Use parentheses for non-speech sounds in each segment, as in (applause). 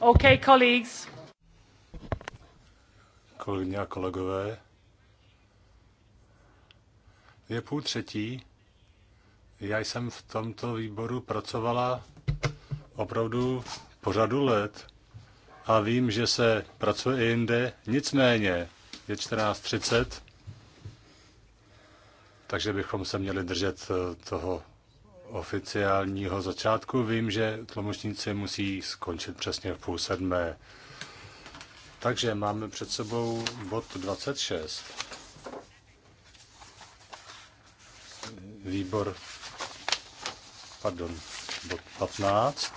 Ok, colleagues. Kolegyně a kolegové, je půl třetí. Já jsem v tomto výboru pracovala opravdu po řadu let a vím, že se pracuje i jinde. Nicméně je 14.30, takže bychom se měli držet eh, toho oficiálního začátku. Vím, že tlumočníci musí skončit přesně v půl sedmé. Takže máme před sebou bod 26. Výbor, pardon, bod 15.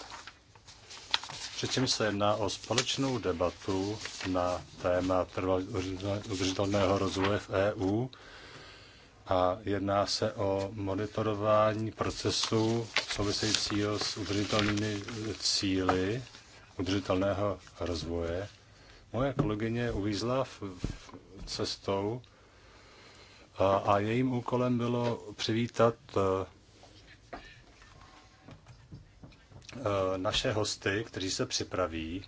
Přičem se jedná o společnou debatu na téma trvalého udržitelného rozvoje v EU a jedná se o monitorování procesu souvisejícího s udržitelnými cíly udržitelného rozvoje. Moje kolegyně uvízla v, v cestou a, a jejím úkolem bylo přivítat e, e, naše hosty, kteří se připraví.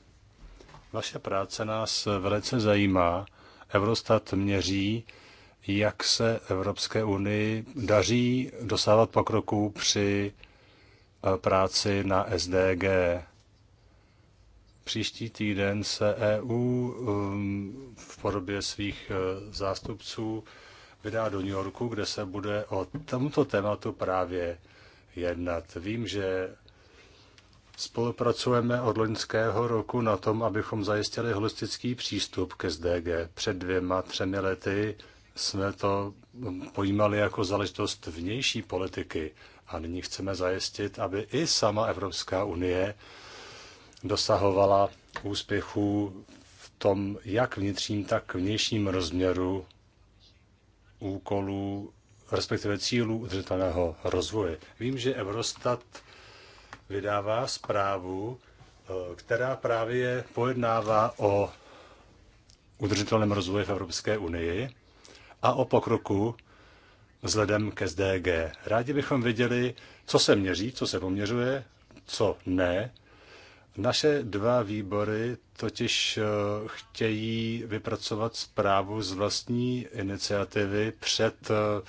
Vaše práce nás velice zajímá. Eurostat měří jak se Evropské unii daří dosávat pokroku při eh, práci na SDG. Příští týden se EU ehm, v podobě svých eh, zástupců vydá do New Yorku, kde se bude o tomto tématu právě jednat. Vím, že Spolupracujeme od loňského roku na tom, abychom zajistili holistický přístup ke SDG. Před dvěma, třemi lety jsme to pojímali jako záležitost vnější politiky a nyní chceme zajistit, aby i sama Evropská unie dosahovala úspěchů v tom jak vnitřním, tak vnějším rozměru úkolů, respektive cílů udržitelného rozvoje. Vím, že Eurostat vydává zprávu, eh, která právě pojednává o udržitelném rozvoji v Evropské unii a o pokroku vzhledem ke SDG. Rádi bychom viděli, co se měří, co se poměřuje, co ne. Naše dva výbory totiž eh, chtějí vypracovat zprávu z vlastní iniciativy před eh,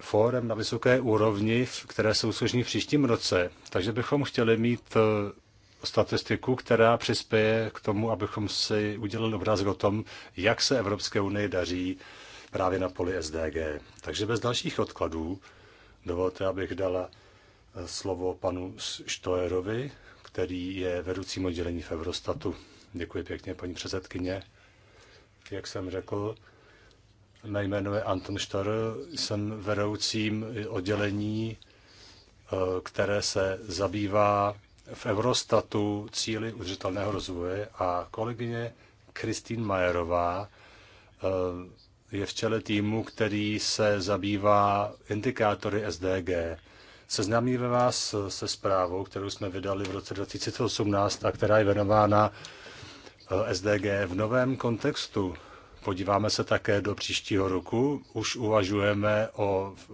fórem na vysoké úrovni, které se uskuteční v příštím roce. Takže bychom chtěli mít eh, statistiku, která přispěje k tomu, abychom si udělali obrázek o tom, jak se Evropské unii daří právě na poli SDG. Takže bez dalších odkladů dovolte, abych dala eh, slovo panu Štojerovi, který je vedoucím oddělení v Eurostatu. Děkuji pěkně, paní předsedkyně. Jak jsem řekl, mé jméno je Anton Štor, jsem vedoucím oddělení, eh, které se zabývá v Eurostatu cíly udržitelného rozvoje a kolegyně Kristýn Majerová eh, je v čele týmu, který se zabývá indikátory SDG. Seznámíme vás se zprávou, kterou jsme vydali v roce 2018 a která je věnována eh, SDG v novém kontextu. Podíváme se také do příštího roku. Už uvažujeme o eh,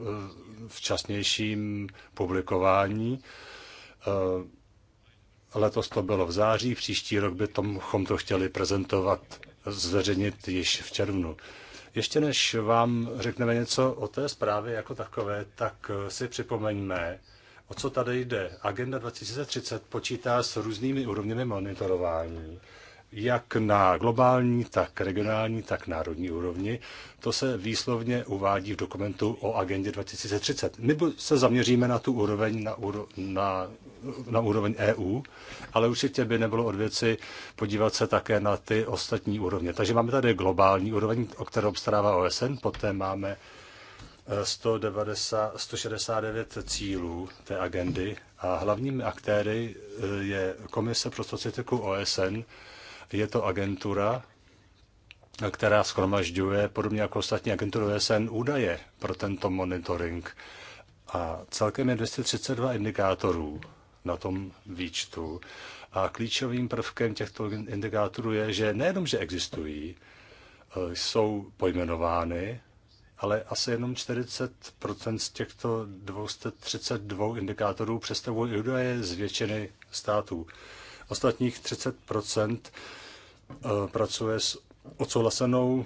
včasnějším publikování Letos to bylo v září, příští rok bychom to chtěli prezentovat, zveřejnit již v červnu. Ještě než vám řekneme něco o té zprávě jako takové, tak si připomeňme, o co tady jde. Agenda 2030 počítá s různými úrovněmi monitorování jak na globální, tak regionální, tak národní úrovni. To se výslovně uvádí v dokumentu o agendě 2030. My se zaměříme na tu úroveň, na, úro, na, na úroveň EU, ale určitě by nebylo od věci podívat se také na ty ostatní úrovně. Takže máme tady globální úroveň, o kterou obstarává OSN, poté máme 190, eh, 169 cílů té agendy a hlavními aktéry eh, je Komise pro societiku OSN, je to agentura, která schromažďuje, podobně jako ostatní agentury OSN, údaje pro tento monitoring. A celkem je 232 indikátorů na tom výčtu. A klíčovým prvkem těchto indikátorů je, že nejenom, že existují, e, jsou pojmenovány, ale asi jenom 40% z těchto 232 indikátorů představují údaje z většiny států. Ostatních 30 eh, pracuje s odsouhlasenou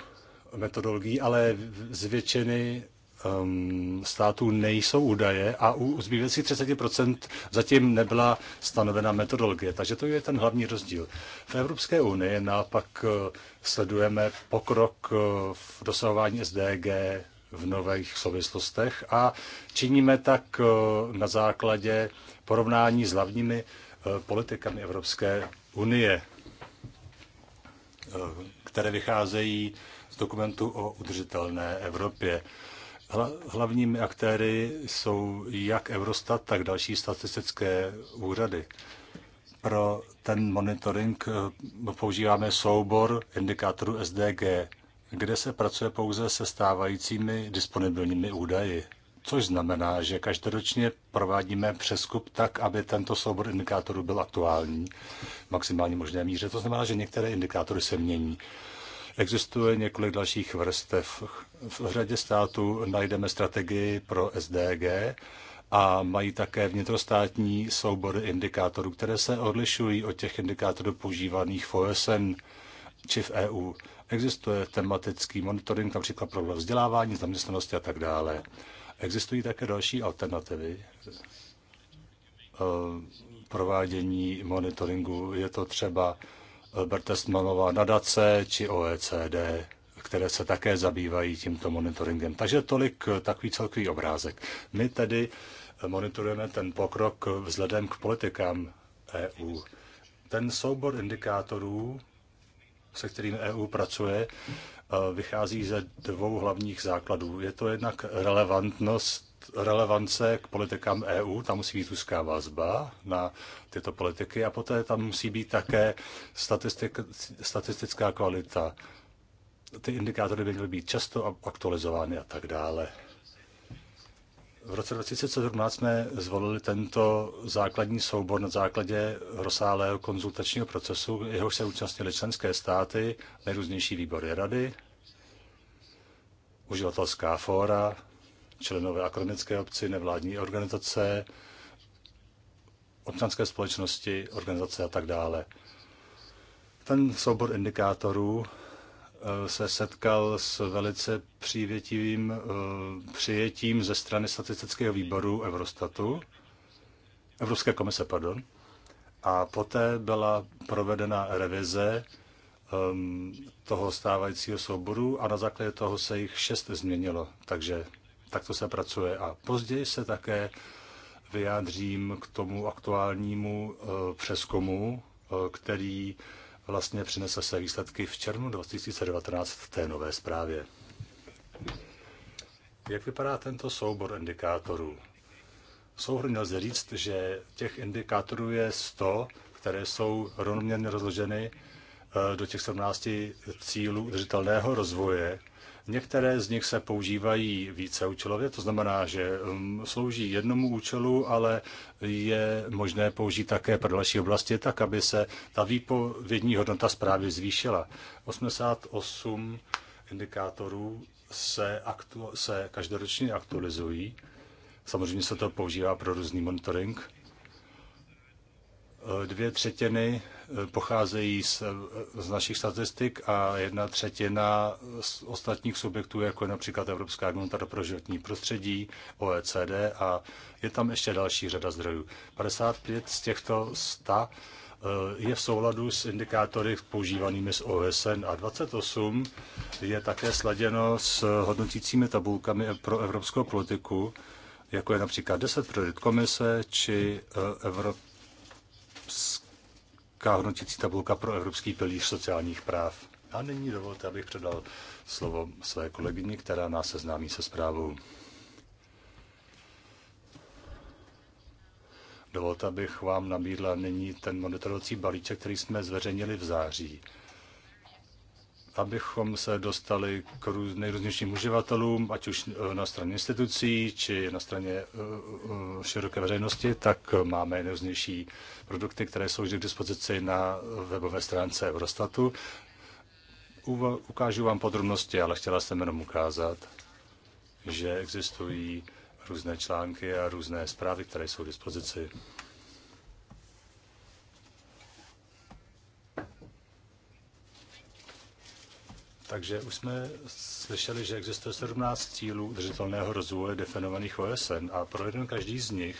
metodologií, ale z většiny ehm, států nejsou údaje a u zbývajících 30% zatím nebyla stanovena metodologie. Takže to je ten hlavní rozdíl. V Evropské unii naopak eh, sledujeme pokrok eh, v dosahování SDG v nových souvislostech a činíme tak na základě porovnání s hlavními Eh, politikami Evropské unie, eh, které vycházejí z dokumentu o udržitelné Evropě. Hlavními aktéry jsou jak Eurostat, tak další statistické úřady. Pro ten monitoring eh, používáme soubor indikátorů SDG, kde se pracuje pouze se stávajícími disponibilními údaji což znamená, že každoročně provádíme přeskup tak, aby tento soubor indikátorů byl aktuální v maximálně možné míře. To znamená, že některé indikátory se mění. Existuje několik dalších vrstev. V řadě států najdeme strategii pro SDG a mají také vnitrostátní soubory indikátorů, které se odlišují od těch indikátorů používaných v OSN či v EU. Existuje tematický monitoring například pro vzdělávání, zaměstnanosti a tak dále. Existují také další alternativy eh, provádění monitoringu. Je to třeba eh, Bertestmanová nadace či OECD, které se také zabývají tímto monitoringem. Takže tolik eh, takový celkový obrázek. My tedy monitorujeme ten pokrok vzhledem k politikám EU. Ten soubor indikátorů, se kterým EU pracuje, vychází ze dvou hlavních základů. Je to jednak relevantnost relevance k politikám EU, tam musí být úzká vazba na tyto politiky a poté tam musí být také statistik, statistická kvalita. Ty indikátory by měly být často aktualizovány a tak dále. V roce 2017 jsme zvolili tento základní soubor na základě rozsáhlého konzultačního procesu, jehož se účastnili členské státy, nejrůznější výbory rady, uživatelská fóra, členové akademické obci, nevládní organizace, občanské společnosti, organizace a tak dále. Ten soubor indikátorů Eh, se setkal s velice přívětivým eh, přijetím ze strany statistického výboru Eurostatu, Evropské komise, pardon, a poté byla provedena revize ehm, toho stávajícího souboru a na základě toho se jich šest změnilo. Takže takto se pracuje. A později se také vyjádřím k tomu aktuálnímu eh, přeskomu, který vlastně přinese své výsledky v červnu 2019 v té nové zprávě. Jak vypadá tento soubor indikátorů? Souhrně lze říct, že těch indikátorů je 100, které jsou rovnoměrně rozloženy eh, do těch 17 cílů udržitelného rozvoje, Některé z nich se používají více účelově. to znamená, že um, slouží jednomu účelu, ale je možné použít také pro další oblasti, tak aby se ta výpovědní hodnota zprávy zvýšila. 88 indikátorů se, aktu- se každoročně aktualizují. Samozřejmě se to používá pro různý monitoring. Dvě třetiny eh, pocházejí z, z našich statistik a jedna třetina z ostatních subjektů, jako je například Evropská agentura pro životní prostředí, OECD a je tam ještě další řada zdrojů. 55 z těchto 100 eh, je v souladu s indikátory používanými z OSN a 28 je také sladěno s hodnotícími tabulkami pro evropskou politiku, jako je například 10 priorit komise či eh, Evropa velká hodnotící tabulka pro Evropský pilíř sociálních práv. A nyní dovolte, abych předal slovo své kolegyni, která nás seznámí se zprávou. Dovolte, abych vám nabídla nyní ten monitorovací balíček, který jsme zveřejnili v září abychom se dostali k nejrůznějším uživatelům, ať už e, na straně institucí, či na straně e, e, široké veřejnosti, tak máme nejrůznější produkty, které jsou vždy k dispozici na webové stránce Eurostatu. Ukážu vám podrobnosti, ale chtěla jsem jenom ukázat, že existují různé články a různé zprávy, které jsou k dispozici. Takže už jsme slyšeli, že existuje 17 cílů udržitelného rozvoje definovaných OSN a pro jeden každý z nich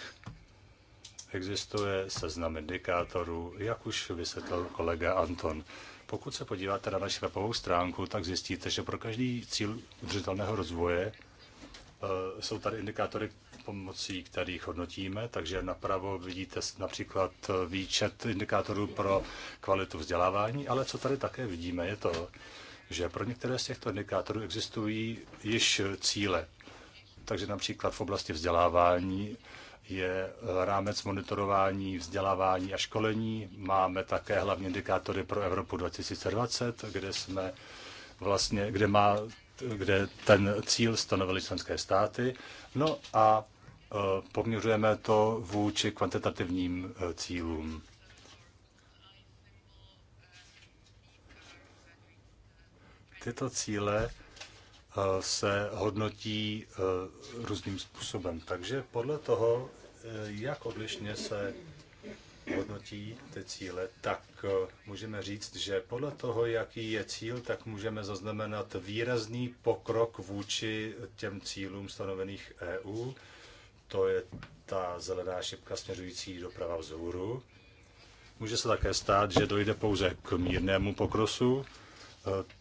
existuje seznam indikátorů, jak už vysvětlil kolega Anton. Pokud se podíváte na naši webovou stránku, tak zjistíte, že pro každý cíl udržitelného rozvoje eh, jsou tady indikátory, pomocí kterých hodnotíme, takže napravo vidíte například eh, výčet indikátorů pro kvalitu vzdělávání, ale co tady také vidíme, je to, že pro některé z těchto indikátorů existují již cíle. Takže například v oblasti vzdělávání je rámec monitorování, vzdělávání a školení. Máme také hlavní indikátory pro Evropu 2020, kde jsme vlastně, kde má kde ten cíl stanovili členské státy. No a e, poměřujeme to vůči kvantitativním e, cílům. Tyto cíle eh, se hodnotí eh, různým způsobem. Takže podle toho, eh, jak odlišně se hodnotí ty cíle, tak můžeme říct, že podle toho, jaký je cíl, tak můžeme zaznamenat výrazný pokrok vůči těm cílům stanovených EU. To je ta zelená šipka směřující doprava vzhůru. Může se také stát, že dojde pouze k mírnému pokrosu,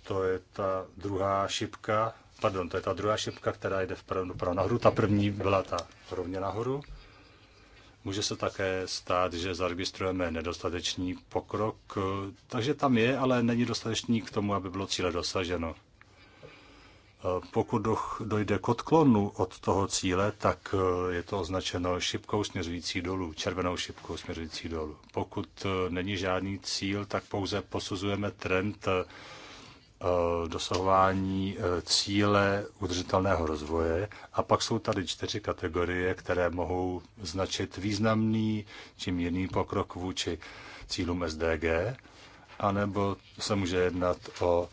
to je ta druhá šipka, pardon, to je ta druhá šipka, která jde vpravo, vpravo nahoru, ta první byla ta rovně nahoru. Může se také stát, že zaregistrujeme nedostatečný pokrok, takže tam je, ale není dostatečný k tomu, aby bylo cíle dosaženo. Pokud dojde k odklonu od toho cíle, tak eh, je to označeno šipkou směřující dolů, červenou šipkou směřující dolů. Pokud eh, není žádný cíl, tak pouze posuzujeme trend eh, Eh, dosahování eh, cíle udržitelného rozvoje. A pak jsou tady čtyři kategorie, které mohou značit významný či mírný pokrok vůči cílům SDG, anebo se může jednat o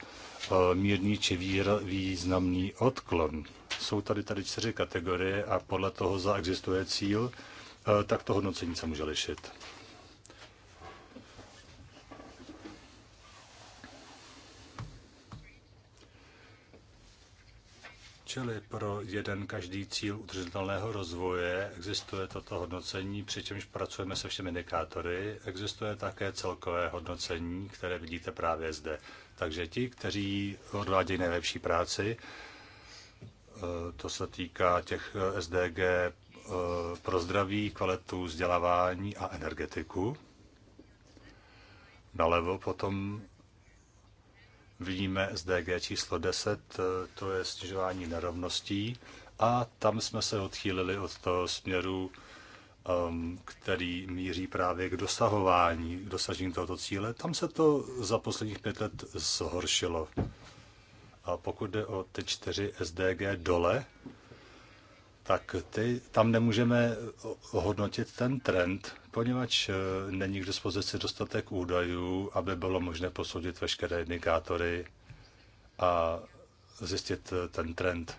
eh, mírný či významný odklon. Jsou tady tady čtyři kategorie a podle toho, za existuje cíl, tak to hodnocení se může lišit. určili pro jeden každý cíl udržitelného rozvoje existuje toto hodnocení, přičemž pracujeme se všemi indikátory. Existuje také celkové hodnocení, které vidíte právě zde. Takže ti, kteří odvádějí nejlepší práci, eh, to se týká těch eh, SDG eh, pro zdraví, kvalitu vzdělávání a energetiku. Nalevo potom vidíme z DG číslo 10, eh, to je snižování nerovností a tam jsme se odchýlili od toho směru, ehm, který míří právě k dosahování, k dosažení tohoto cíle. Tam se to za posledních pět let zhoršilo. A pokud jde o ty čtyři SDG dole, tak ty, tam nemůžeme hodnotit ten trend, poněvadž eh, není k dispozici dostatek údajů, aby bylo možné posoudit veškeré indikátory a zjistit eh, ten trend.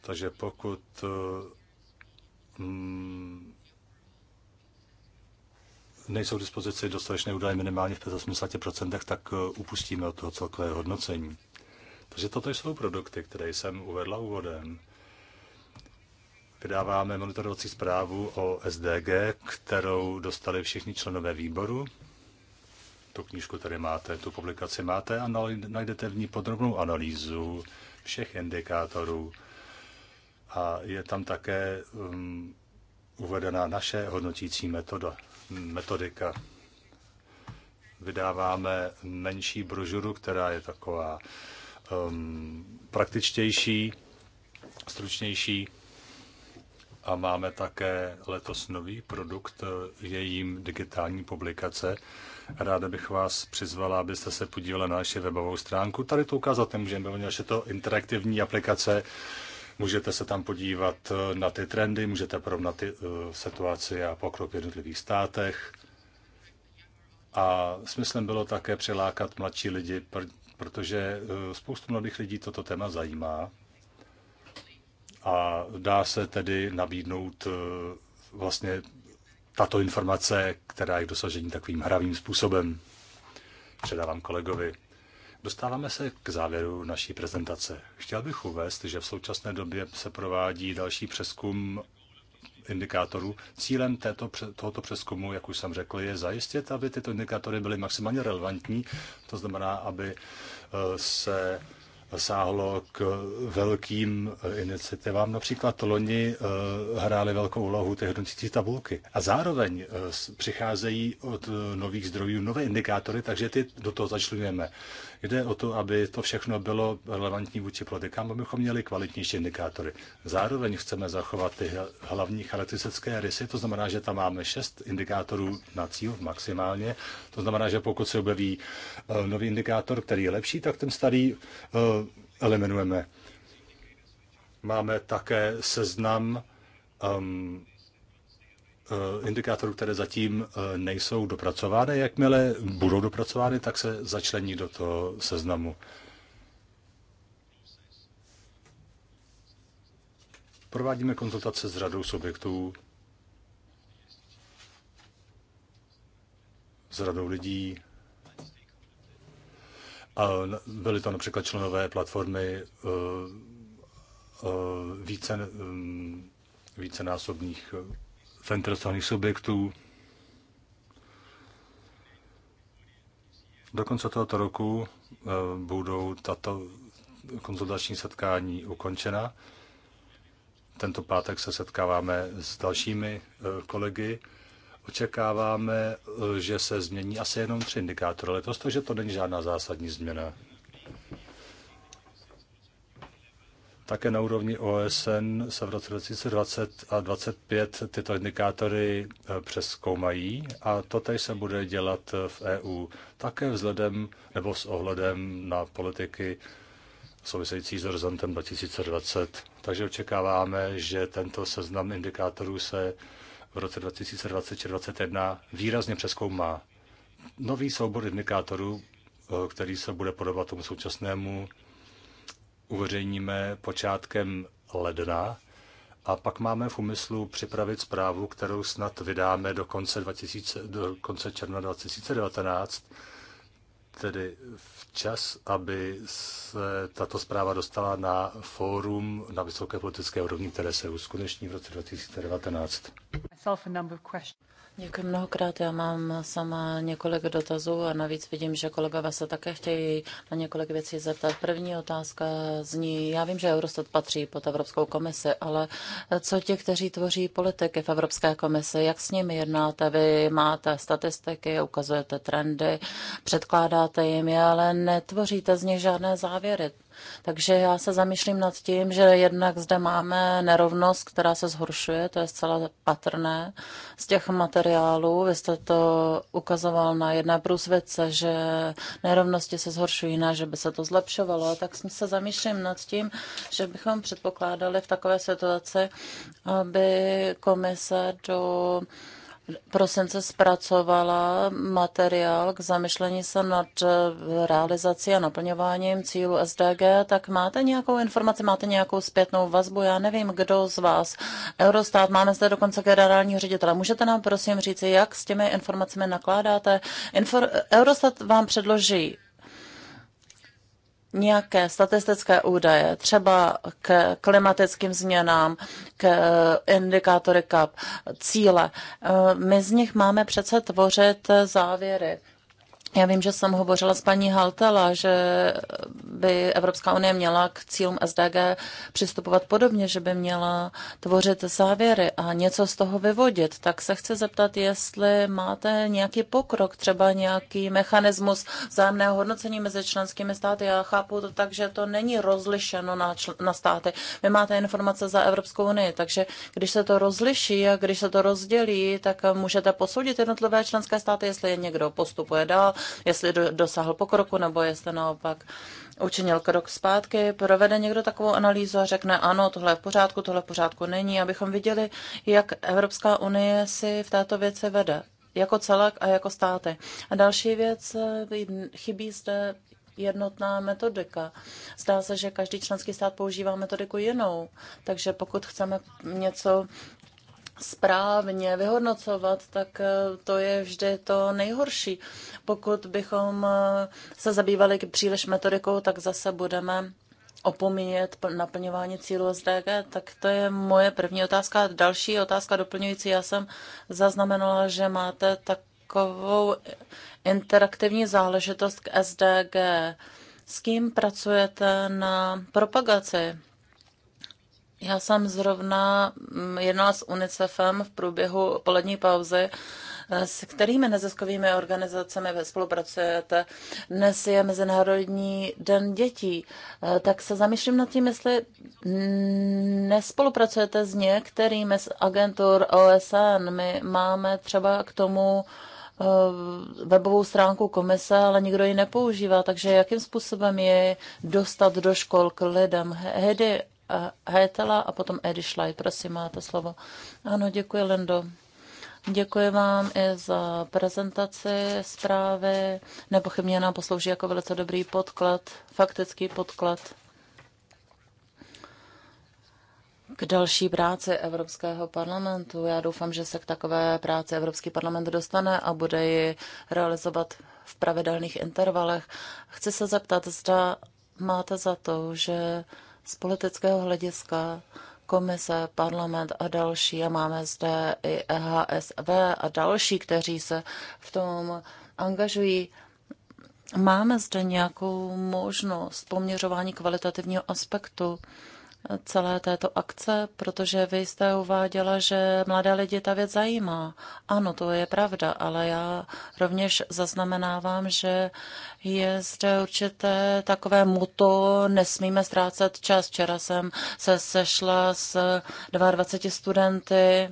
Takže pokud eh, mm, nejsou k dispozici dostatečné údaje minimálně v 85%, tak upustíme od toho celkového hodnocení. Takže toto jsou produkty, které jsem uvedla úvodem vydáváme monitorovací zprávu o SDG, kterou dostali všichni členové výboru. Tu knížku tady máte, tu publikaci máte a najdete v ní podrobnou analýzu všech indikátorů. A je tam také um, uvedena naše hodnotící metoda, metodika. Vydáváme menší brožuru, která je taková um, praktičtější, stručnější a máme také letos nový produkt, je jim digitální publikace. Ráda bych vás přizvala, abyste se podívali na naši webovou stránku. Tady to ukázat nemůžeme, protože je to interaktivní aplikace. Můžete se tam podívat na ty trendy, můžete porovnat ty, uh, situaci a pokrok v jednotlivých státech. A smyslem bylo také přilákat mladší lidi, protože eh, spoustu mladých lidí toto téma zajímá a dá se tedy nabídnout eh, vlastně tato informace, která je k dosažení takovým hravým způsobem. Předávám kolegovi. Dostáváme se k závěru naší prezentace. Chtěl bych uvést, že v současné době se provádí další přeskum indikátorů. Cílem této, tohoto přeskumu, jak už jsem řekl, je zajistit, aby tyto indikátory byly maximálně relevantní, to znamená, aby eh, se sáhlo k velkým eh, iniciativám. Například loni eh, hrály velkou úlohu ty hodnotící tabulky. A zároveň eh, přicházejí od nových zdrojů nové indikátory, takže ty do toho začlujeme. Jde o to, aby to všechno bylo relevantní vůči politikám, abychom měli kvalitnější indikátory. Zároveň chceme zachovat ty hlavní charakteristické rysy, to znamená, že tam máme šest indikátorů na cíl maximálně. To znamená, že pokud se objeví eh, nový indikátor, který je lepší, tak ten starý eh, eliminujeme. Máme také seznam um, Eh, indikátorů, které zatím eh, nejsou dopracovány. Jakmile budou dopracovány, tak se začlení do toho seznamu. Provádíme konzultace s řadou subjektů, s radou lidí. A byly to například členové platformy eh, více, mm, vícenásobných zainteresovaných subjektů. Do konce tohoto roku eh, budou tato konzultační setkání ukončena. Tento pátek se setkáváme s dalšími eh, kolegy. Očekáváme, eh, že se změní asi jenom tři indikátory letos, takže to není žádná zásadní změna. Také na úrovni OSN se v roce 2020 a 2025 tyto indikátory eh, přeskoumají a to tež se bude dělat v EU také vzhledem nebo s ohledem na politiky související s horizontem 2020. Takže očekáváme, že tento seznam indikátorů se v roce 2020 či 2021 výrazně přeskoumá. Nový soubor indikátorů, eh, který se bude podobat tomu současnému, uveřejníme počátkem ledna a pak máme v úmyslu připravit zprávu, kterou snad vydáme do konce, 2000, do konce června 2019, tedy včas, aby se tato zpráva dostala na fórum na vysoké politické úrovni, které se uskuteční v roce 2019. Děkuji mnohokrát. Já mám sama několik dotazů a navíc vidím, že kolegové se také chtějí na několik věcí zeptat. První otázka zní, já vím, že Eurostat patří pod Evropskou komisi, ale co ti, kteří tvoří politiky v Evropské komisi, jak s nimi jednáte? Vy máte statistiky, ukazujete trendy, předkládáte jim je, ale netvoříte z nich žádné závěry. Takže já se zamýšlím nad tím, že jednak zde máme nerovnost, která se zhoršuje, to je zcela patrné z těch materiálů. Vy jste to ukazoval na jedné průzvědce, že nerovnosti se zhoršují, ne, že by se to zlepšovalo. A tak se zamýšlím nad tím, že bychom předpokládali v takové situaci, aby komise do prosince zpracovala materiál k zamyšlení se nad eh, realizací a naplňováním cílu SDG, tak máte nějakou informaci, máte nějakou zpětnou vazbu, já nevím, kdo z vás, Eurostát máme zde dokonce generálního ředitele, můžete nám prosím říci, jak s těmi informacemi nakládáte? Infor- Eurostat vám předloží nějaké statistické údaje, třeba k klimatickým změnám, k eh, indikátory CAP, cíle. Eh, my z nich máme přece tvořit eh, závěry. Já vím, že jsem hovořila s paní Haltela, že by Evropská unie měla k cílům SDG přistupovat podobně, že by měla tvořit závěry a něco z toho vyvodit. Tak se chci zeptat, jestli máte nějaký pokrok, třeba nějaký mechanismus vzájemného hodnocení mezi členskými státy. Já chápu to tak, že to není rozlišeno na, čl- na státy. Vy máte informace za Evropskou unii, takže když se to rozliší a když se to rozdělí, tak můžete posoudit jednotlivé členské státy, jestli je někdo postupuje dál, jestli do, dosáhl pokroku nebo jestli naopak učinil krok zpátky, provede někdo takovou analýzu a řekne ano, tohle je v pořádku, tohle v pořádku není, abychom viděli, jak Evropská unie si v této věci vede jako celek a jako státy. A další věc, chybí zde jednotná metodika. Zdá se, že každý členský stát používá metodiku jinou, takže pokud chceme něco správně vyhodnocovat, tak eh, to je vždy to nejhorší. Pokud bychom eh, se zabývali příliš metodikou, tak zase budeme opomíjet naplňování cílu SDG, tak to je moje první otázka. Další otázka doplňující, já jsem zaznamenala, že máte takovou interaktivní záležitost k SDG. S kým pracujete na propagaci já jsem zrovna mm, jednala s UNICEFem v průběhu polední pauzy. Eh, s kterými neziskovými organizacemi ve spolupracujete? Dnes je Mezinárodní den dětí. Eh, tak se zamýšlím nad tím, jestli nespolupracujete s některými z agentur OSN. My máme třeba k tomu eh, webovou stránku komise, ale nikdo ji nepoužívá, takže jakým způsobem je dostat do škol k lidem? Hedy, Hetela a potom Edy Schley. Prosím, máte slovo. Ano, děkuji, Lendo. Děkuji vám i za prezentaci zprávy. Nepochybně nám poslouží jako velice dobrý podklad, faktický podklad k další práci Evropského parlamentu. Já doufám, že se k takové práci Evropský parlament dostane a bude ji realizovat v pravidelných intervalech. Chci se zeptat, zda máte za to, že z politického hlediska komise, parlament a další a máme zde i EHSV a další, kteří se v tom angažují. Máme zde nějakou možnost poměřování kvalitativního aspektu celé této akce, protože vy jste uváděla, že mladé lidi ta věc zajímá. Ano, to je pravda, ale já rovněž zaznamenávám, že je zde určité takové muto, nesmíme ztrácet čas. Včera jsem se sešla s 22 studenty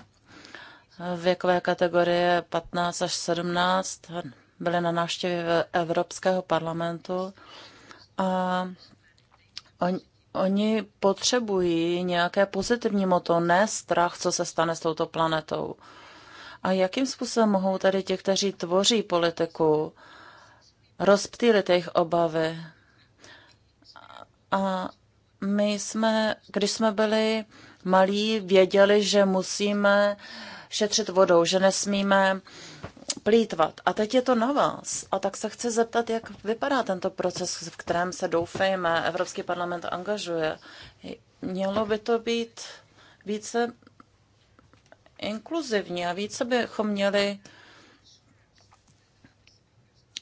věkové kategorie 15 až 17, byly na návštěvě Evropského parlamentu a Oni potřebují nějaké pozitivní moto, ne strach, co se stane s touto planetou. A jakým způsobem mohou tady ti, kteří tvoří politiku, rozptýlit jejich obavy? A my jsme, když jsme byli malí, věděli, že musíme šetřit vodou, že nesmíme plítvat. A teď je to na vás. A tak se chci zeptat, jak vypadá tento proces, v kterém se doufejme Evropský parlament angažuje. Mělo by to být více inkluzivní a více bychom měli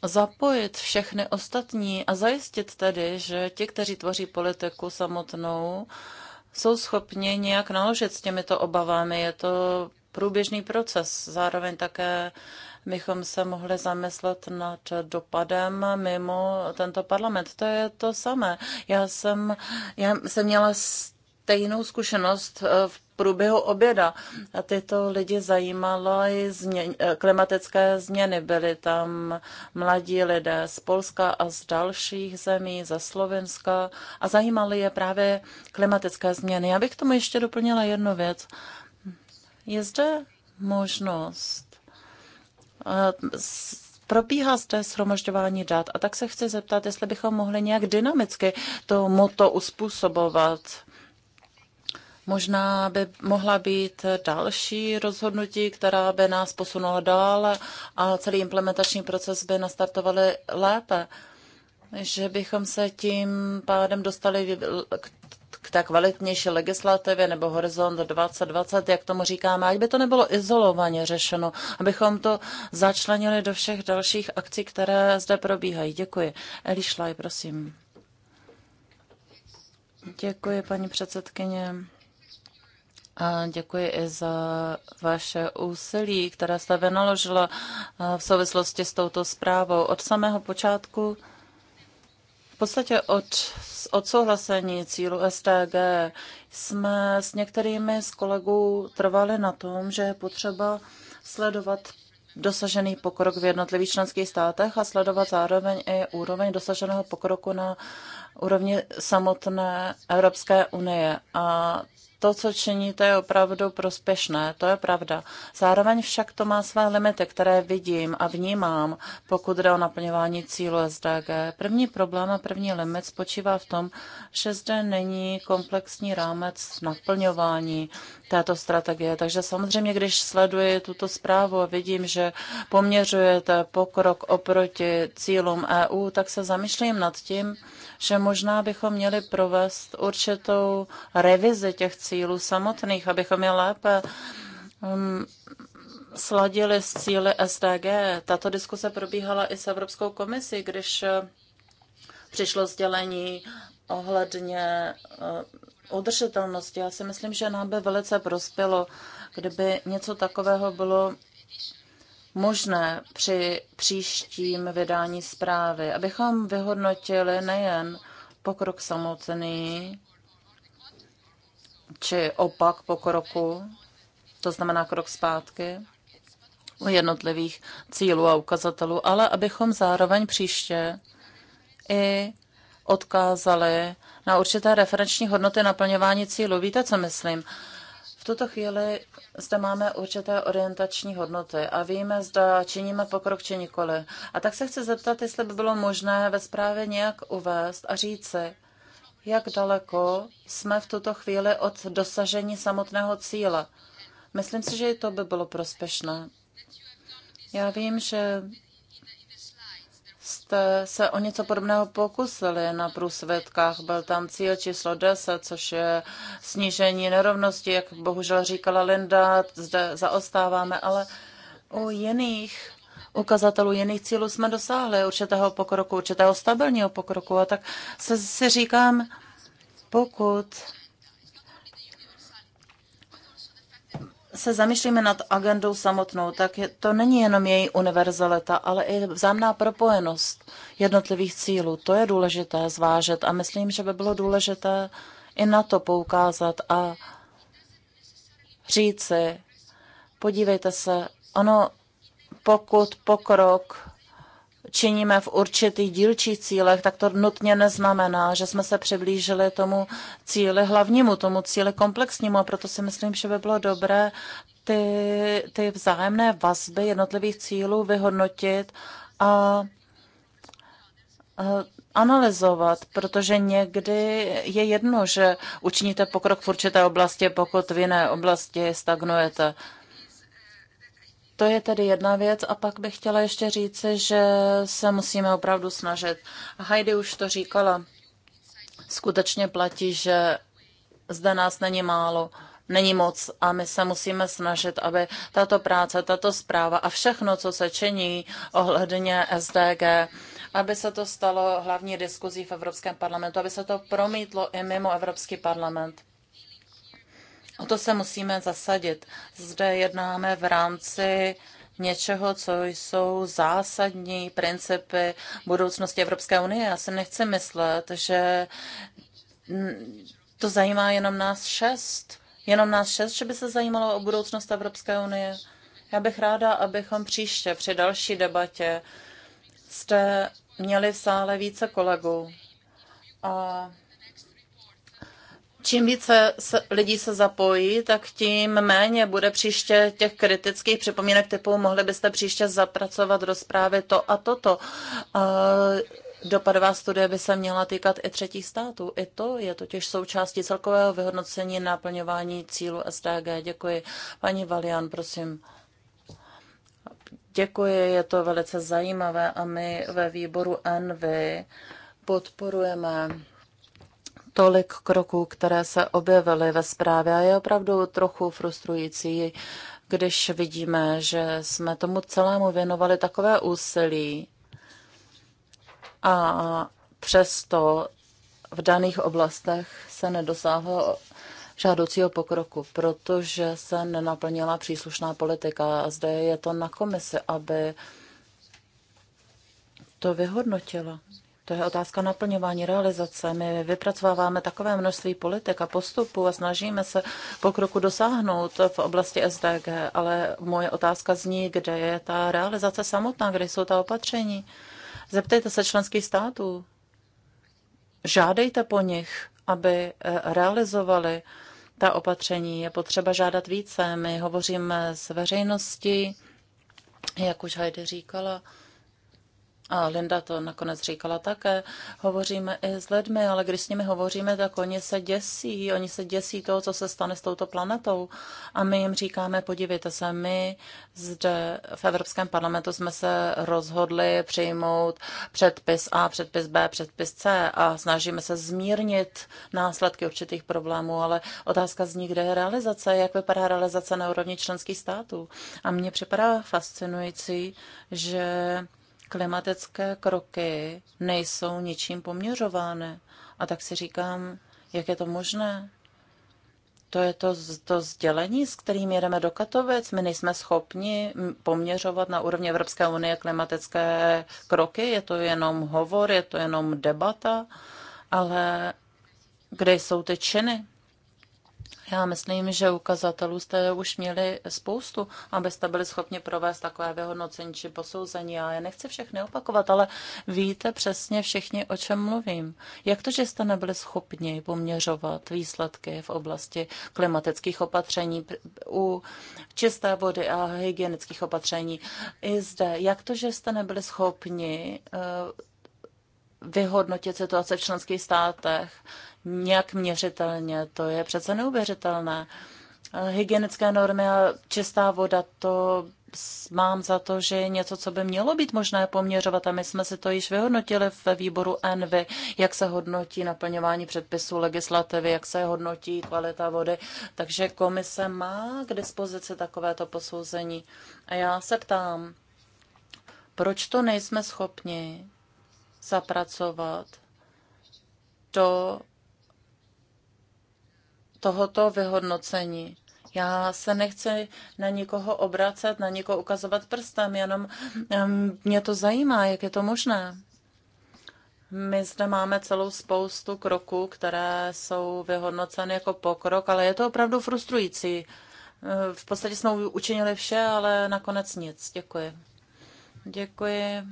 zapojit všechny ostatní a zajistit tedy, že ti, kteří tvoří politiku samotnou, jsou schopni nějak naložit s těmito obavami. Je to průběžný proces. Zároveň také bychom se mohli zamyslet nad dopadem mimo tento parlament. To je to samé. Já jsem, já jsem měla stejnou zkušenost eh, v průběhu oběda. A tyto lidi i změn, eh, klimatické změny. Byli tam mladí lidé z Polska a z dalších zemí, ze Slovenska a zajímaly je právě klimatické změny. Já bych tomu ještě doplnila jednu věc. Je zde možnost probíhá zde shromažďování dat a tak se chci zeptat, jestli bychom mohli nějak dynamicky to moto uspůsobovat. Možná by mohla být další rozhodnutí, která by nás posunula dál a celý implementační proces by nastartovali lépe. Že bychom se tím pádem dostali k tak kvalitnější legislativě nebo horizont 2020, jak tomu říkáme, ať by to nebylo izolovaně řešeno, abychom to začlenili do všech dalších akcí, které zde probíhají. Děkuji. Eli Šlaj, prosím. Děkuji, paní předsedkyně. A děkuji i za vaše úsilí, které jste vynaložila v souvislosti s touto zprávou. Od samého počátku podstatě od odsouhlasení cílu STG jsme s některými z kolegů trvali na tom, že je potřeba sledovat dosažený pokrok v jednotlivých členských státech a sledovat zároveň i úroveň dosaženého pokroku na úrovni samotné Evropské unie. A to, co činíte, je opravdu prospěšné, to je pravda. Zároveň však to má své limity, které vidím a vnímám, pokud jde o naplňování cílu SDG. První problém a první limit spočívá v tom, že zde není komplexní rámec naplňování této strategie. Takže samozřejmě, když sleduji tuto zprávu a vidím, že poměřujete pokrok oproti cílům EU, tak se zamýšlím nad tím, že možná bychom měli provést určitou revizi těch cílů samotných, abychom je lépe um, sladili s cíly SDG. Tato diskuse probíhala i s Evropskou komisí, když eh, přišlo sdělení ohledně eh, udržitelnosti. Já si myslím, že nám by velice prospělo, kdyby něco takového bylo možné při příštím vydání zprávy, abychom vyhodnotili nejen pokrok samotný, či opak pokroku, to znamená krok zpátky u jednotlivých cílů a ukazatelů, ale abychom zároveň příště i odkázali na určité referenční hodnoty naplňování cílů. Víte, co myslím? V tuto chvíli zde máme určité orientační hodnoty a víme, zda činíme pokrok či nikoli. A tak se chci zeptat, jestli by bylo možné ve zprávě nějak uvést a říci, jak daleko jsme v tuto chvíli od dosažení samotného cíle. Myslím si, že i to by bylo prospěšné. Já vím, že jste se o něco podobného pokusili na průsvědkách. Byl tam cíl číslo 10, což je snížení nerovnosti, jak bohužel říkala Linda, zde zaostáváme, ale u jiných ukazatelů, jiných cílů jsme dosáhli určitého pokroku, určitého stabilního pokroku. A tak se, si říkám, pokud se zamýšlíme nad agendou samotnou, tak je, to není jenom její univerzalita, ale i vzájemná propojenost jednotlivých cílů. To je důležité zvážet a myslím, že by bylo důležité i na to poukázat a říci, podívejte se, ono pokud pokrok činíme v určitých dílčích cílech, tak to nutně neznamená, že jsme se přiblížili tomu cíli hlavnímu, tomu cíli komplexnímu a proto si myslím, že by bylo dobré ty, ty vzájemné vazby jednotlivých cílů vyhodnotit a analyzovat, protože někdy je jedno, že učiníte pokrok v určité oblasti, pokud v jiné oblasti stagnujete. To je tedy jedna věc a pak bych chtěla ještě říct, že se musíme opravdu snažit. Heidi už to říkala. Skutečně platí, že zde nás není málo, není moc a my se musíme snažit, aby tato práce, tato zpráva a všechno, co se činí ohledně SDG, aby se to stalo hlavní diskuzí v Evropském parlamentu, aby se to promítlo i mimo Evropský parlament. O to se musíme zasadit. Zde jednáme v rámci něčeho, co jsou zásadní principy budoucnosti Evropské unie. Já si nechci myslet, že to zajímá jenom nás šest. Jenom nás šest, že by se zajímalo o budoucnost Evropské unie. Já bych ráda, abychom příště při další debatě jste měli v sále více kolegů. A Čím více se, lidí se zapojí, tak tím méně bude příště těch kritických připomínek typu mohli byste příště zapracovat do zprávy to a toto. A dopadová studie by se měla týkat i třetích států. I to je totiž součástí celkového vyhodnocení naplňování cílu SDG. Děkuji. Paní Valian, prosím. Děkuji, je to velice zajímavé a my ve výboru ENVY podporujeme tolik kroků, které se objevily ve zprávě a je opravdu trochu frustrující, když vidíme, že jsme tomu celému věnovali takové úsilí a přesto v daných oblastech se nedosáhlo žádoucího pokroku, protože se nenaplnila příslušná politika. A zde je to na komisi, aby to vyhodnotila. To je otázka naplňování, realizace. My vypracováváme takové množství politik a postupů a snažíme se pokroku dosáhnout v oblasti SDG, ale moje otázka zní, kde je ta realizace samotná, kde jsou ta opatření. Zeptejte se členských států. Žádejte po nich, aby eh, realizovali ta opatření. Je potřeba žádat více. My hovoříme s veřejností, jak už Heidi říkala a Linda to nakonec říkala také, hovoříme i s lidmi, ale když s nimi hovoříme, tak oni se děsí, oni se děsí toho, co se stane s touto planetou. A my jim říkáme, podívejte se, my zde v Evropském parlamentu jsme se rozhodli přijmout předpis A, předpis B, předpis C a snažíme se zmírnit následky určitých problémů, ale otázka zní, kde je realizace, jak vypadá realizace na úrovni členských států. A mně připadá fascinující, že klimatické kroky nejsou ničím poměřovány. A tak si říkám, jak je to možné? To je to, to sdělení, s kterým jedeme do Katovec. My nejsme schopni poměřovat na úrovni Evropské unie klimatické kroky. Je to jenom hovor, je to jenom debata, ale kde jsou ty činy? Já myslím, že ukazatelů jste už měli spoustu, abyste byli schopni provést takové vyhodnocení či posouzení. A já nechci všechny opakovat, ale víte přesně všichni, o čem mluvím. Jak to, že jste nebyli schopni poměřovat výsledky v oblasti klimatických opatření u čisté vody a hygienických opatření? I zde, jak to, že jste nebyli schopni eh, vyhodnotit situace v členských státech nějak měřitelně. To je přece neuvěřitelné. Hygienické normy a čistá voda, to mám za to, že je něco, co by mělo být možné poměřovat a my jsme si to již vyhodnotili ve výboru ENVY, jak se hodnotí naplňování předpisů legislativy, jak se hodnotí kvalita vody. Takže komise má k dispozici takovéto posouzení. A já se ptám, proč to nejsme schopni zapracovat do tohoto vyhodnocení. Já se nechci na nikoho obracet, na nikoho ukazovat prstem, jenom mě to zajímá, jak je to možné. My zde máme celou spoustu kroků, které jsou vyhodnoceny jako pokrok, ale je to opravdu frustrující. V podstatě jsme učinili vše, ale nakonec nic. Děkuji. Děkuji.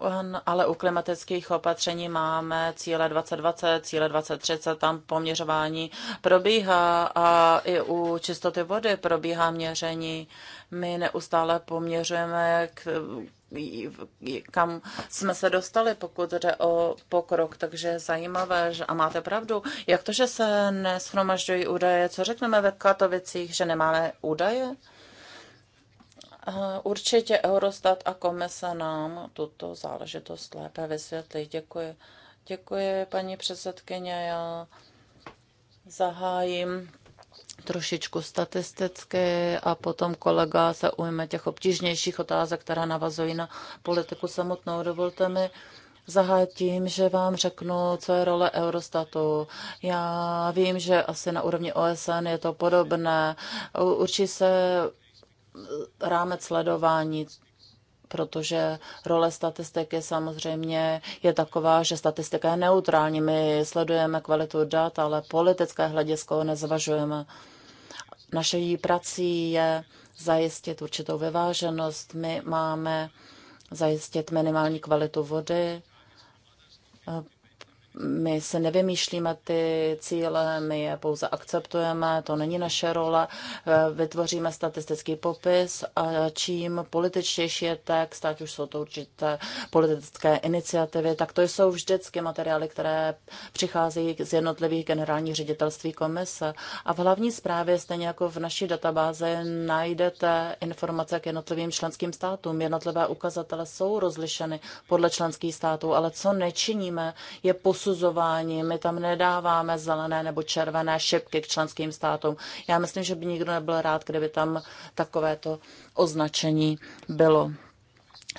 Hm, ale u klimatických opatření máme cíle 2020, cíle 2030, tam poměřování probíhá a i u čistoty vody probíhá měření. My neustále poměřujeme, k, kam jsme se dostali, pokud jde o pokrok, takže zajímavé, že, a máte pravdu, jak to, že se neschromažďují údaje, co řekneme ve Katovicích, že nemáme údaje? Eh, určitě Eurostat a komise nám tuto záležitost lépe vysvětlí. Děkuji. Děkuji, paní předsedkyně. Já zahájím trošičku statisticky a potom kolega se ujme těch obtížnějších otázek, která navazují na politiku samotnou. Dovolte mi zahájit tím, že vám řeknu, co je role Eurostatu. Já vím, že asi na úrovni OSN je to podobné. Určitě se rámec sledování, protože role statistiky samozřejmě je taková, že statistika je neutrální. My sledujeme kvalitu dat, ale politické hledisko nezvažujeme. Naší prací je zajistit určitou vyváženost. My máme zajistit minimální kvalitu vody, my se nevymýšlíme ty cíle, my je pouze akceptujeme, to není naše role. Eh, Vytvoříme statistický popis a čím političtější je text, ať už jsou to určité politické iniciativy, tak to jsou vždycky materiály, které přicházejí z jednotlivých generálních ředitelství komise. A v hlavní zprávě, stejně jako v naší databáze, najdete informace k jednotlivým členským státům. Jednotlivé ukazatele jsou rozlišeny podle členských států, ale co nečiníme, je posuzování. My tam nedáváme zelené nebo červené šipky k členským státům. Já myslím, že by nikdo nebyl rád, kdyby tam takovéto označení bylo.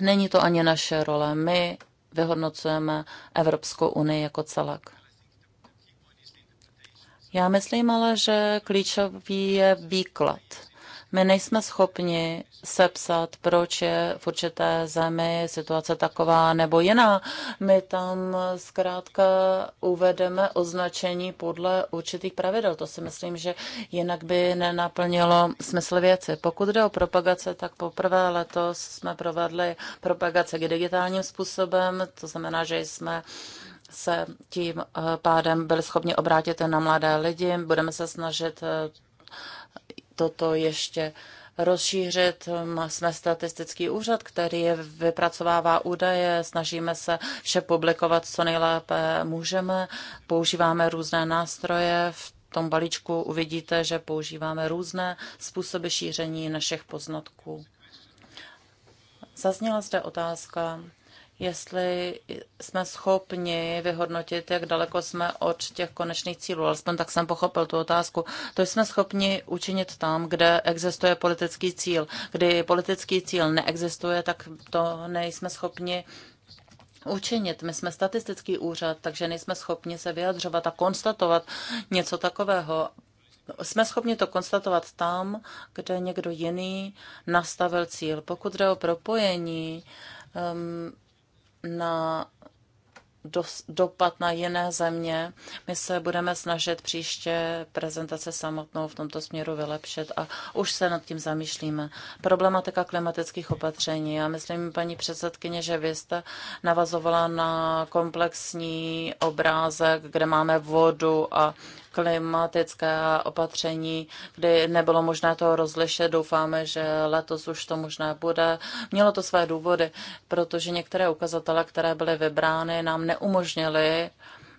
Není to ani naše role. My vyhodnocujeme Evropskou unii jako celek. Já myslím ale, že klíčový je výklad my nejsme schopni sepsat, proč je v určité zemi situace taková nebo jiná. My tam zkrátka uvedeme označení podle určitých pravidel. To si myslím, že jinak by nenaplnilo smysl věci. Pokud jde o propagace, tak poprvé letos jsme provedli propagace k digitálním způsobem, to znamená, že jsme se tím eh, pádem byli schopni obrátit na mladé lidi. Budeme se snažit eh, toto ještě rozšířit. Jsme statistický úřad, který vypracovává údaje, snažíme se vše publikovat, co nejlépe můžeme. Používáme různé nástroje. V tom balíčku uvidíte, že používáme různé způsoby šíření našich poznatků. Zazněla zde otázka jestli jsme schopni vyhodnotit, jak daleko jsme od těch konečných cílů. Alespoň tak jsem pochopil tu otázku. To jsme schopni učinit tam, kde existuje politický cíl. Kdy politický cíl neexistuje, tak to nejsme schopni učinit. My jsme statistický úřad, takže nejsme schopni se vyjadřovat a konstatovat něco takového. Jsme schopni to konstatovat tam, kde někdo jiný nastavil cíl. Pokud jde o propojení, um, na dopad na jiné země. My se budeme snažit příště prezentace samotnou v tomto směru vylepšit a už se nad tím zamýšlíme. Problematika klimatických opatření. Já myslím, paní předsedkyně, že vy jste navazovala na komplexní obrázek, kde máme vodu a klimatická opatření, kdy nebylo možné to rozlišit. Doufáme, že letos už to možná bude. Mělo to své důvody, protože některé ukazatele, které byly vybrány, nám neumožnily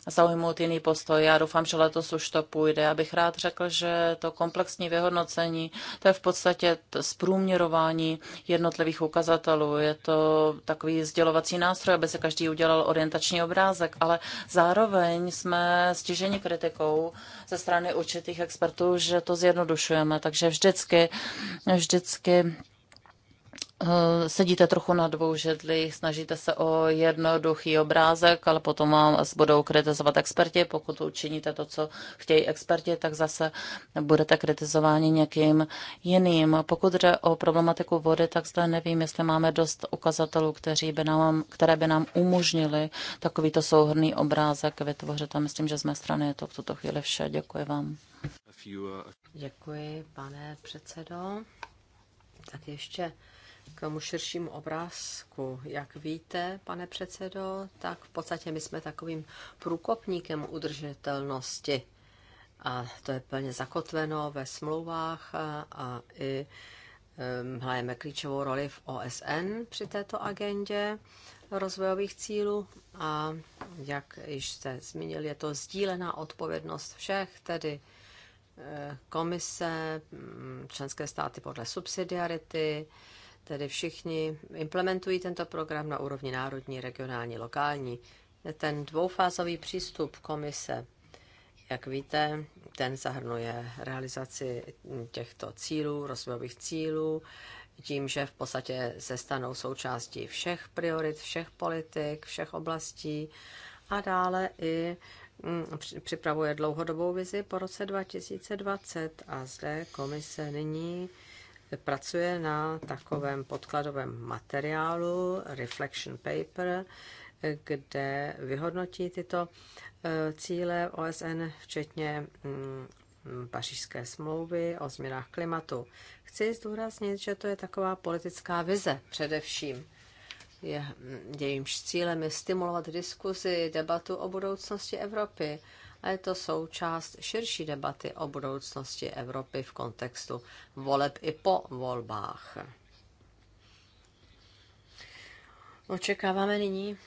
zaujmout jiný postoj. Já doufám, že letos už to půjde. Já bych rád řekl, že to komplexní vyhodnocení, to je v podstatě zprůměrování jednotlivých ukazatelů. Je to takový sdělovací nástroj, aby se každý udělal orientační obrázek, ale zároveň jsme stiženi kritikou ze strany určitých expertů, že to zjednodušujeme. Takže vždycky, vždycky Eh, sedíte trochu na dvou židlích, snažíte se o jednoduchý obrázek, ale potom vás budou kritizovat experti. Pokud učiníte to, co chtějí experti, tak zase budete kritizováni někým jiným. Pokud jde o problematiku vody, tak zde nevím, jestli máme dost ukazatelů, kteří by nám, které by nám umožnili takovýto souhrný obrázek vytvořit. A myslím, že z mé strany je to v tuto chvíli vše. Děkuji vám. Uh, Děkuji, pane předsedo. Tak ještě tomu širšímu obrázku. Jak víte, pane předsedo, tak v podstatě my jsme takovým průkopníkem udržitelnosti. A to je plně zakotveno ve smlouvách a, a i um, hrajeme klíčovou roli v OSN při této agendě rozvojových cílů. A jak již jste zmínil, je to sdílená odpovědnost všech, tedy eh, komise, členské státy podle subsidiarity, tedy všichni implementují tento program na úrovni národní, regionální, lokální. Ten dvoufázový přístup komise, jak víte, ten zahrnuje realizaci těchto cílů, rozvojových cílů, tím, že v podstatě se stanou součástí všech priorit, všech politik, všech oblastí a dále i mm, připravuje dlouhodobou vizi po roce 2020 a zde komise nyní pracuje na takovém podkladovém materiálu, reflection paper, kde vyhodnotí tyto e, cíle OSN, včetně mm, pařížské smlouvy o změnách klimatu. Chci zdůraznit, že to je taková politická vize především. Je, jejímž cílem je stimulovat diskuzi, debatu o budoucnosti Evropy, a je to součást širší debaty o budoucnosti Evropy v kontextu voleb i po volbách. Očekáváme nyní,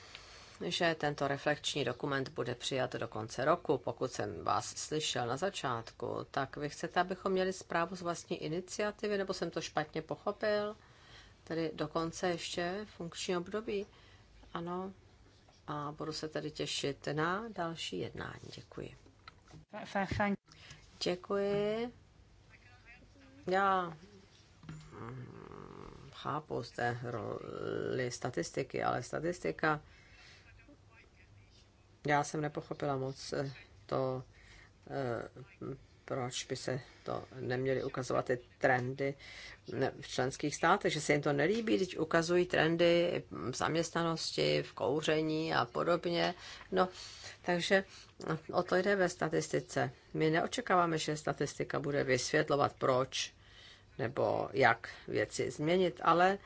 že tento reflekční dokument bude přijat do konce roku. Pokud jsem vás slyšel na začátku, tak vy chcete, abychom měli zprávu z vlastní iniciativy, nebo jsem to špatně pochopil? Tedy do konce ještě funkční období? Ano, a budu se tedy těšit na další jednání. Děkuji. Děkuji. Já mm, chápu z té roli statistiky, ale statistika, já jsem nepochopila moc eh, to eh, proč by se to neměly ukazovat ty trendy v členských státech, že se jim to nelíbí, když ukazují trendy v zaměstnanosti, v kouření a podobně. No, takže o to jde ve statistice. My neočekáváme, že statistika bude vysvětlovat proč nebo jak věci změnit, ale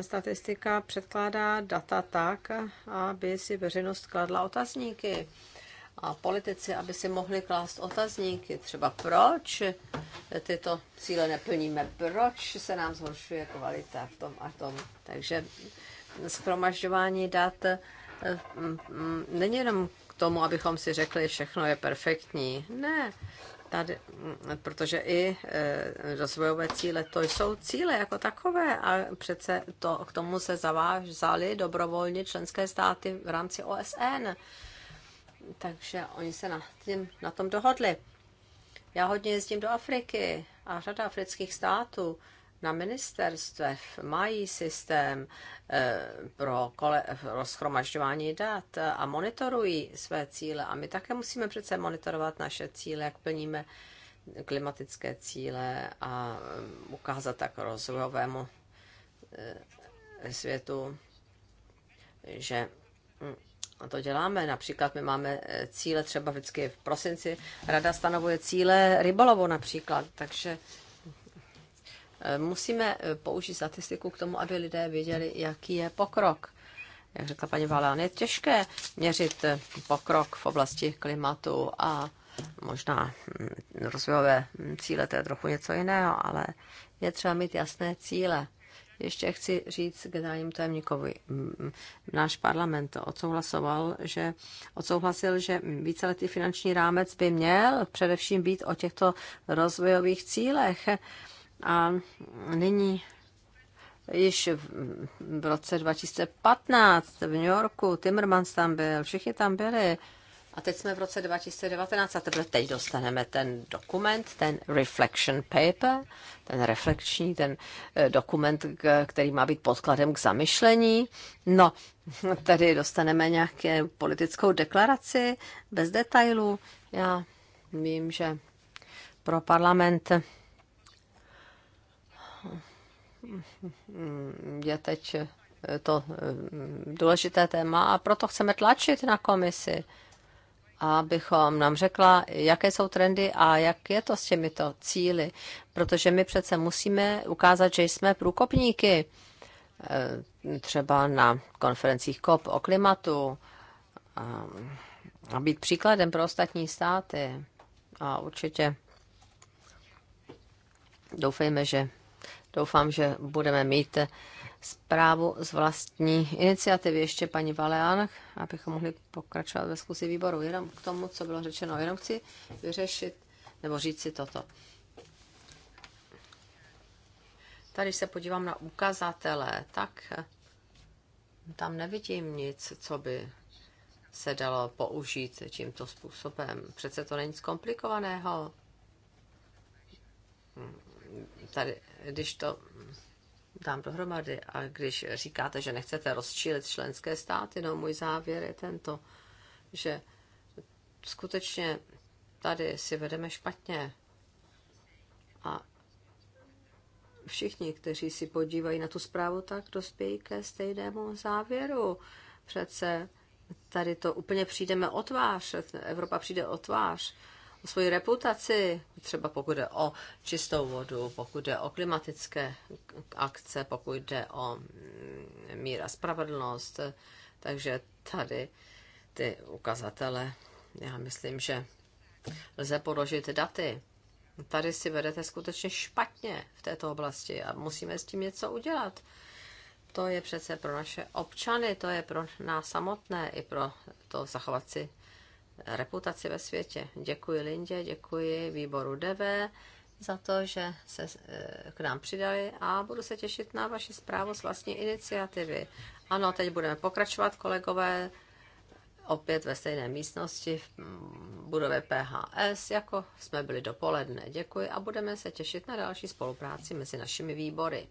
statistika předkládá data tak, aby si veřejnost kladla otazníky a politici, aby si mohli klást otazníky, třeba proč tyto cíle neplníme, proč se nám zhoršuje kvalita v tom a tom. Takže schromažďování dat eh, mm, mm, není jenom k tomu, abychom si řekli, že všechno je perfektní. Ne, tady, mm, protože i eh, rozvojové cíle, to jsou cíle jako takové a přece to, k tomu se zavázali dobrovolně členské státy v rámci OSN. Takže oni se na, tím, na tom dohodli. Já hodně jezdím do Afriky a řada afrických států na ministerstvech mají systém eh, pro kole, rozchromažďování dat a monitorují své cíle. A my také musíme přece monitorovat naše cíle, jak plníme klimatické cíle a eh, ukázat tak rozvojovému eh, světu, že hm, a to děláme. Například my máme eh, cíle, třeba vždycky v prosinci rada stanovuje cíle rybolovu například, takže eh, musíme eh, použít statistiku k tomu, aby lidé věděli, jaký je pokrok. Jak řekla paní Valán, je těžké měřit pokrok v oblasti klimatu a možná hm, rozvojové hm, cíle, to je trochu něco jiného, ale je třeba mít jasné cíle ještě chci říct generálnímu tajemníkovi. Náš parlament odsouhlasoval, že, odsouhlasil, že víceletý finanční rámec by měl především být o těchto rozvojových cílech. A nyní již v roce 2015 v New Yorku, Timmermans tam byl, všichni tam byli a teď jsme v roce 2019 a teprve teď dostaneme ten dokument, ten reflection paper, ten reflekční, ten eh, dokument, který má být podkladem k zamyšlení. No, (laughs) tady dostaneme nějaké politickou deklaraci bez detailů. Já vím, že pro parlament je teď eh, to eh, důležité téma a proto chceme tlačit na komisi abychom nám řekla, jaké jsou trendy a jak je to s těmito cíly. Protože my přece musíme ukázat, že jsme průkopníky eh, třeba na konferencích COP o klimatu eh, a být příkladem pro ostatní státy. A určitě doufejme, že doufám, že budeme mít zprávu z vlastní iniciativy ještě paní Valean, abychom mohli pokračovat ve zkusy výboru. Jenom k tomu, co bylo řečeno, jenom chci vyřešit nebo říct si toto. Tady, když se podívám na ukazatele, tak eh, tam nevidím nic, co by se dalo použít tímto způsobem. Přece to není nic komplikovaného. Hm, tady, když to dám dohromady. A když říkáte, že nechcete rozčílit členské státy, no můj závěr je tento, že skutečně tady si vedeme špatně. A všichni, kteří si podívají na tu zprávu, tak dospějí ke stejnému závěru. Přece tady to úplně přijdeme o tvář, Evropa přijde o tvář o svoji reputaci, třeba pokud jde o čistou vodu, pokud jde o klimatické akce, pokud jde o mm, míra spravedlnost. Takže tady ty ukazatele, já myslím, že lze podložit daty. Tady si vedete skutečně špatně v této oblasti a musíme s tím něco udělat. To je přece pro naše občany, to je pro nás samotné i pro to zachovat si reputaci ve světě. Děkuji Lindě, děkuji výboru DV za to, že se eh, k nám přidali a budu se těšit na vaši zprávu z vlastní iniciativy. Ano, teď budeme pokračovat, kolegové, opět ve stejné místnosti v mm, budově PHS, jako jsme byli dopoledne. Děkuji a budeme se těšit na další spolupráci mezi našimi výbory.